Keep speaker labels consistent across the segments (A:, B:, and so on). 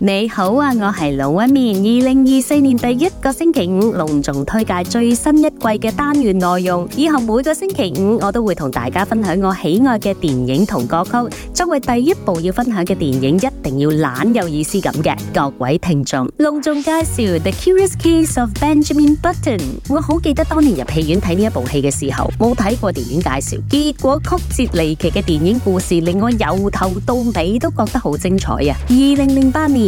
A: 你好啊，我係龍紋敏。二零二四年第一個星期五，隆重推介最新一季嘅單元內容。以後每個星期五，我都會同大家分享我喜愛嘅電影同歌曲。作為第一部要分享嘅電影，一定要懶有意思咁嘅。各位聽眾，隆重介紹《The Curious Case of Benjamin Button》。我好記得當年入戲院睇呢一部戲嘅時候，冇睇過電影介紹，結果曲折離奇嘅電影故事令我由頭到尾都覺得好精彩啊！二零零八年。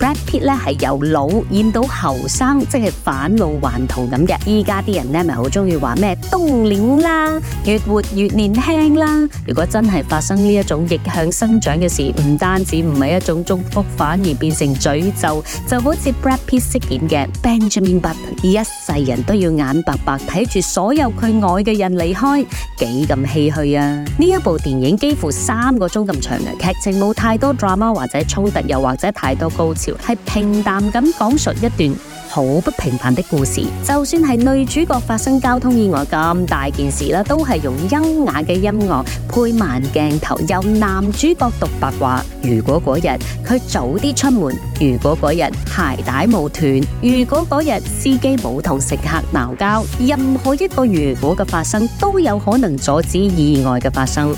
A: Brad Pitt 係由老演到後生，即係返老還童咁嘅。依家啲人呢咪好中意話咩凍齡啦，越活越年輕啦。如果真係發生呢一種逆向生長嘅事，唔單止唔係一種祝福，反而變成詛咒，就好似 Brad Pitt 飾演嘅 Benjamin Button，一世人都要眼白白睇住所有佢愛嘅人離開，幾咁唏噓啊！呢一部電影幾乎三個鐘咁長嘅，劇情冇太多 drama 或者衝突，又或者太多高潮。係平淡咁講述一段好不平凡的故事，就算係女主角發生交通意外咁大件事啦，都係用優雅嘅音樂配慢鏡頭，由男主角讀白話。如果嗰日佢早啲出門，如果嗰日鞋帶冇斷，如果嗰日司機冇同乘客鬧交，任何一個如果嘅發生，都有可能阻止意外嘅發生。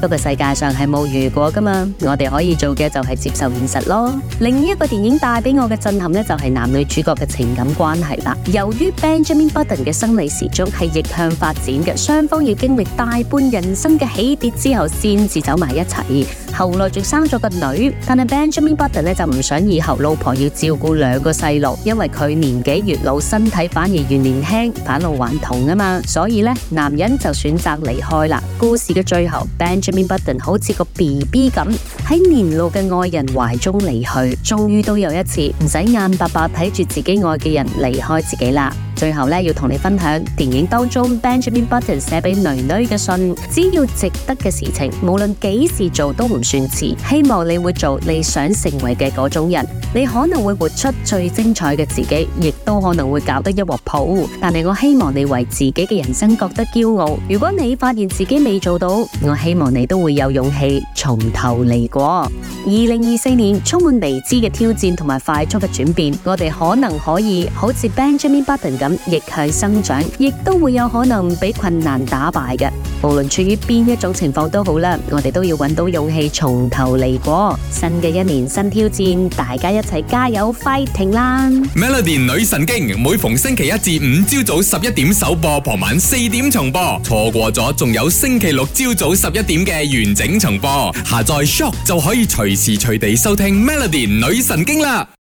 A: 不過世界上係冇如果噶嘛，我哋可以做嘅就係接受現實咯。另一個電影帶俾我嘅震撼呢，就係、是、男女主角嘅情感關係啦。由於 Benjamin Button 嘅生理時鐘係逆向發展嘅，雙方要經歷大半人生嘅起跌之後先至走埋一齊，後來仲生咗個女。但係 Benjamin Button 呢就唔想以後老婆要照顧兩個細路，因為佢年紀越老身體反而越年輕，返老還童啊嘛。所以呢，男人就選擇離開啦。故事嘅最後，Ben。一邊不停好似個 B B 咁喺年老嘅愛人懷中離去，終於都有一次唔使眼白白睇住自己愛嘅人離開自己啦。最後咧，要同你分享電影當中 Benjamin Button 寫俾囡囡嘅信。只要值得嘅事情，無論幾時做都唔算遲。希望你會做你想成為嘅嗰種人，你可能會活出最精彩嘅自己，亦都可能會搞得一鑊泡。但係我希望你為自己嘅人生覺得驕傲。如果你發現自己未做到，我希望你都會有勇氣從頭嚟過。二零二四年充滿未知嘅挑戰同埋快速嘅轉變，我哋可能可以好似 Benjamin Button 咁。亦係生長，亦都會有可能俾困難打敗嘅。無論處於邊一種情況都好啦，我哋都要揾到勇氣，從頭嚟過。新嘅一年，新挑戰，大家一齊加油，fighting 啦！Melody 女神經每逢星期一至五朝早十一點首播，傍晚四點重播。錯過咗，仲有星期六朝早十一點嘅完整重播。下載 SYOK 就可以隨時隨地收聽 Melody 女神經啦。